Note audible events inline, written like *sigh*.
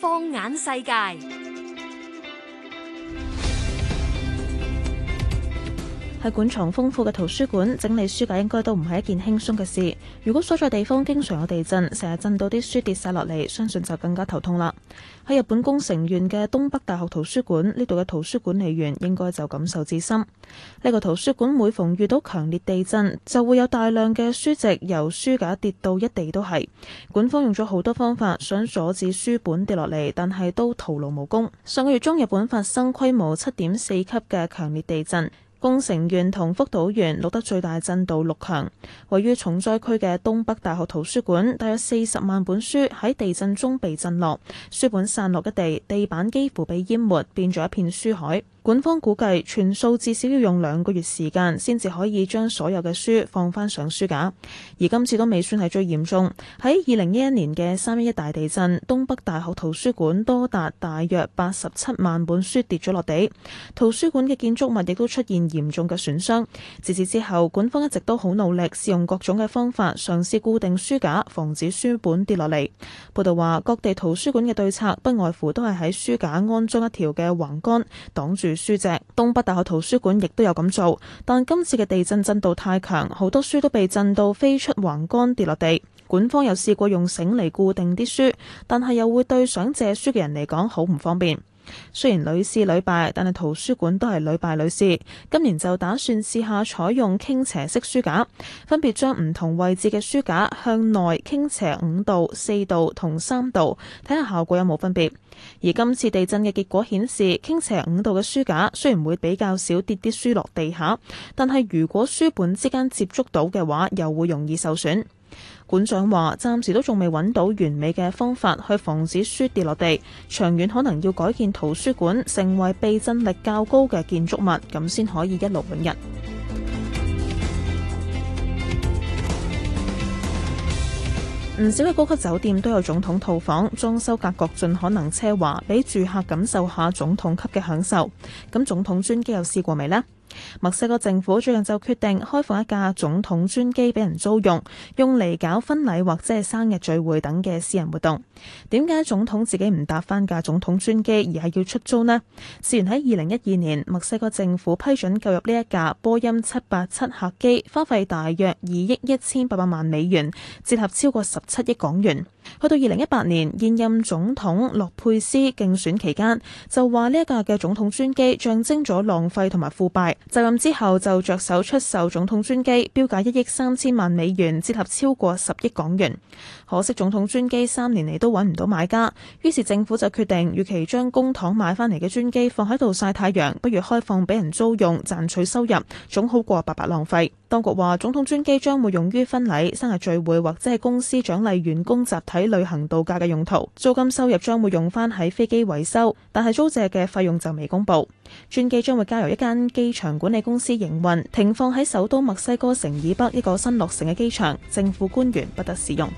放眼世界，喺館藏豐富嘅圖書館整理書架，應該都唔係一件輕鬆嘅事。如果所在地方經常有地震，成日震到啲書跌晒落嚟，相信就更加頭痛啦。喺日本工程院嘅東北大學圖書館呢度嘅圖書管理員應該就感受至深。呢個圖書館每逢遇到強烈地震，就會有大量嘅書籍由書架跌到一地都係。管方用咗好多方法想阻止書本跌落嚟，但係都徒勞無功。上個月中，日本發生規模七點四級嘅強烈地震。宮城縣同福島縣錄得最大震度六強，位於重災區嘅東北大學圖書館，大約四十萬本書喺地震中被震落，書本散落一地，地板幾乎被淹沒，變咗一片書海。管方估計全數至少要用兩個月時間先至可以將所有嘅書放翻上書架。而今次都未算係最嚴重。喺二零一一年嘅三一一大地震，東北大學圖書館多達大約八十七萬本書跌咗落地，圖書館嘅建築物亦都出現嚴重嘅損傷。自此之後，館方一直都好努力試用各種嘅方法，嘗試固定書架，防止書本跌落嚟。報道話各地圖書館嘅對策不外乎都係喺書架安裝一條嘅橫杆，擋住書籍，東北大學圖書館亦都有咁做，但今次嘅地震震度太強，好多書都被震到飛出橫杆跌落地。館方又試過用繩嚟固定啲書，但係又會對想借書嘅人嚟講好唔方便。雖然屢試屢敗，但係圖書館都係屢敗屢試。今年就打算試下採用傾斜式書架，分別將唔同位置嘅書架向內傾斜五度、四度同三度，睇下效果有冇分別。而今次地震嘅結果顯示，傾斜五度嘅書架雖然會比較少跌啲書落地下，但係如果書本之間接觸到嘅話，又會容易受損。館長話：暫時都仲未揾到完美嘅方法去防止書跌落地，長遠可能要改建圖書館，成為避震力較高嘅建築物，咁先可以一勞永逸。唔 *music* 少嘅高級酒店都有總統套房，裝修格局盡可能奢華，俾住客感受下總統級嘅享受。咁總統專機有試過未呢？墨西哥政府最近就決定開放一架總統專機俾人租用，用嚟搞婚禮或者係生日聚會等嘅私人活動。點解總統自己唔搭翻架總統專機，而係要出租呢？事源喺二零一二年，墨西哥政府批准購入呢一架波音七八七客機，花費大約二億一千八百萬美元，折合超過十七億港元。去到二零一八年，現任總統洛佩斯競選期間就話呢一架嘅總統專機象徵咗浪費同埋腐敗。就任之後就着手出售總統專機，標價一億三千萬美元，折合超過十億港元。可惜總統專機三年嚟都揾唔到買家，於是政府就決定，與其將公帑買翻嚟嘅專機放喺度曬太陽，不如開放俾人租用賺取收入，總好過白白浪費。當局話總統專機將會用於婚禮、生日聚會或者係公司獎勵員工集。喺旅行度假嘅用途，租金收入將會用翻喺飛機維修，但係租借嘅費用就未公布。專機將會交由一間機場管理公司營運，停放喺首都墨西哥城以北一個新落成嘅機場，政府官員不得使用。